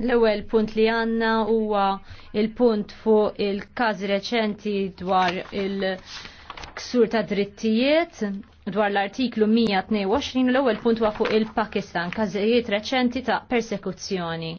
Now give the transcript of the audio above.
L-ewwel punt li għandna huwa il-punt fuq il-każ reċenti dwar il-ksur ta' drittijiet dwar l-artiklu 122 l-ewwel punt huwa fuq il-Pakistan, każijiet reċenti ta' persekuzzjoni.